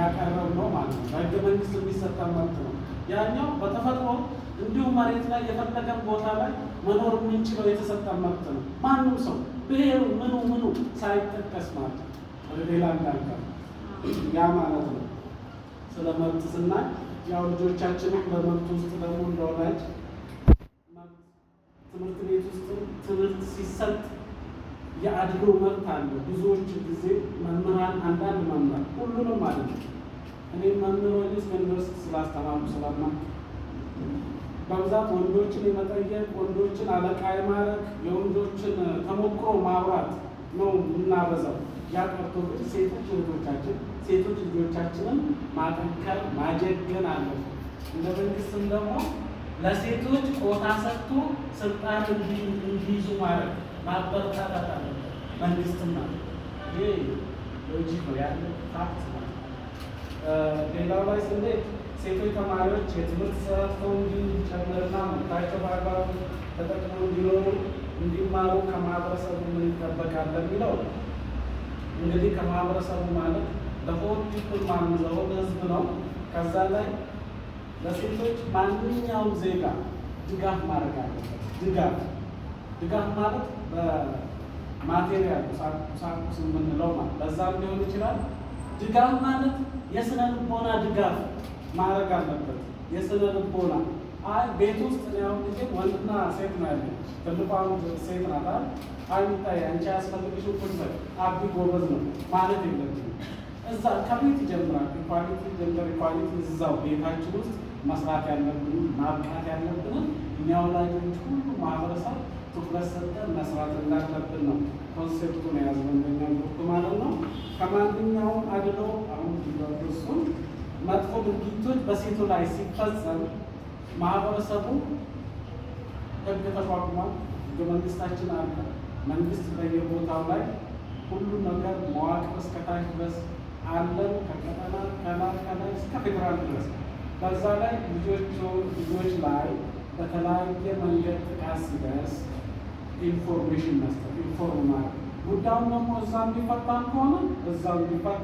ያቀረብ ነው ማለት ነው። በህገ መንግስት የሚሰጠ መብት ነው። ያኛው በተፈጥሮ እንዲሁም መሬት ላይ የፈለገን ቦታ ላይ መኖር የምንችለው የተሰጠ መብት ነው። ማንም ሰው ብሔሩ ምኑ ምኑ ሳይጠቀስ ማለት ነው። ወደ ሌላ እንዳልቀር ያ ማለት ነው። ስለ መብት ስናይ ያው ልጆቻችንም በመብት ውስጥ ደግሞ እንደወላጅ ትምህርት ቤት ውስጥ ትምህርት ሲሰጥ የአድሎ መብት አለ። ብዙዎች ጊዜ መምህራ አንዳንድ መምህር ሁሉንም ማለት ነው። እኔ መምህሮች ዩኒቨርስቲ ስላስተማሩ ስለማ በብዛት ወንዶችን የመጠየቅ ወንዶችን አለቃ የማድረግ የወንዶችን ተሞክሮ ማውራት ነው የምናበዛው። ያቀርቶች ሴቶች ልጆቻችን ሴቶች ልጆቻችንን ማጠንከር ማጀገን አለ። እንደ መንግስትም ደግሞ ለሴቶች ቦታ ሰጥቶ ስልጣን እንዲይዙ ማድረግ ማበረታታት አለ መንግስትም ማለት ሎጂክ ነው ያለ ፋክት ነው። ሌላው ላይ ስንሄድ ሴቶች ተማሪዎች የትምህርት ስራቸው እንዲጨምርና መብታቸው በአግባቡ ተጠቅመው እንዲኖሩ እንዲማሩ ከማህበረሰቡ ምን ይጠበቃል ለሚለው እንግዲህ ከማህበረሰቡ ማለት ለሆድ ፒፕል ማን ህዝብ ነው። ከዛ ላይ ለሴቶች ማንኛውም ዜጋ ድጋፍ ማድረግ አለበት። ድጋፍ ድጋፍ ማለት ማቴሪያል ቁሳቁስ የምንለው ማለት በዛም ሊሆን ይችላል። ድጋፍ ማለት የስነ ልቦና ድጋፍ ማድረግ አለበት። የስነ ልቦና አይ ቤት ውስጥ ያው ጊዜ ወንድና ሴት ነው ያለ ትልቋን ሴት ናታል አይታ አንቺ ያስፈልግሽ ኩልበት አቢ ጎበዝ ነው ማለት የለብም። እዛ ከቤት ይጀምራል። ኢኳሊቲ ጀንደር ኳሊቲ እዛው ቤታችን ውስጥ መስራት ያለብን ማብቃት ያለብንም እኛ ወላጆች ሁሉ ማህበረሰብ ትኩረት ሰጠን መስራት እንዳለብን ነው ኮንሴፕቱን የያዝነው ግሩፕ ማለት ነው። ከማንኛውም አድሎ አሁን እሱ መጥፎ ድርጊቶች በሴቱ ላይ ሲፈጸም ማህበረሰቡ ህግ ተቋቁሟል። ህገ መንግስታችን አለ። መንግስት በየቦታው ላይ ሁሉ ነገር መዋቅር እስከታች ድረስ አለን። ከቀጠና ከላይ ከላይ እስከ ፌዴራል ድረስ በዛ ላይ ልጆች ላይ በተለያየ መንገድ ጥቃት ሲደርስ ኢንፎርሜሽን መስጠት ኢንፎርም ማድረግ ጉዳዩን ደግሞ እዛ እንዲፈታም ከሆነ እዛ እንዲፈታ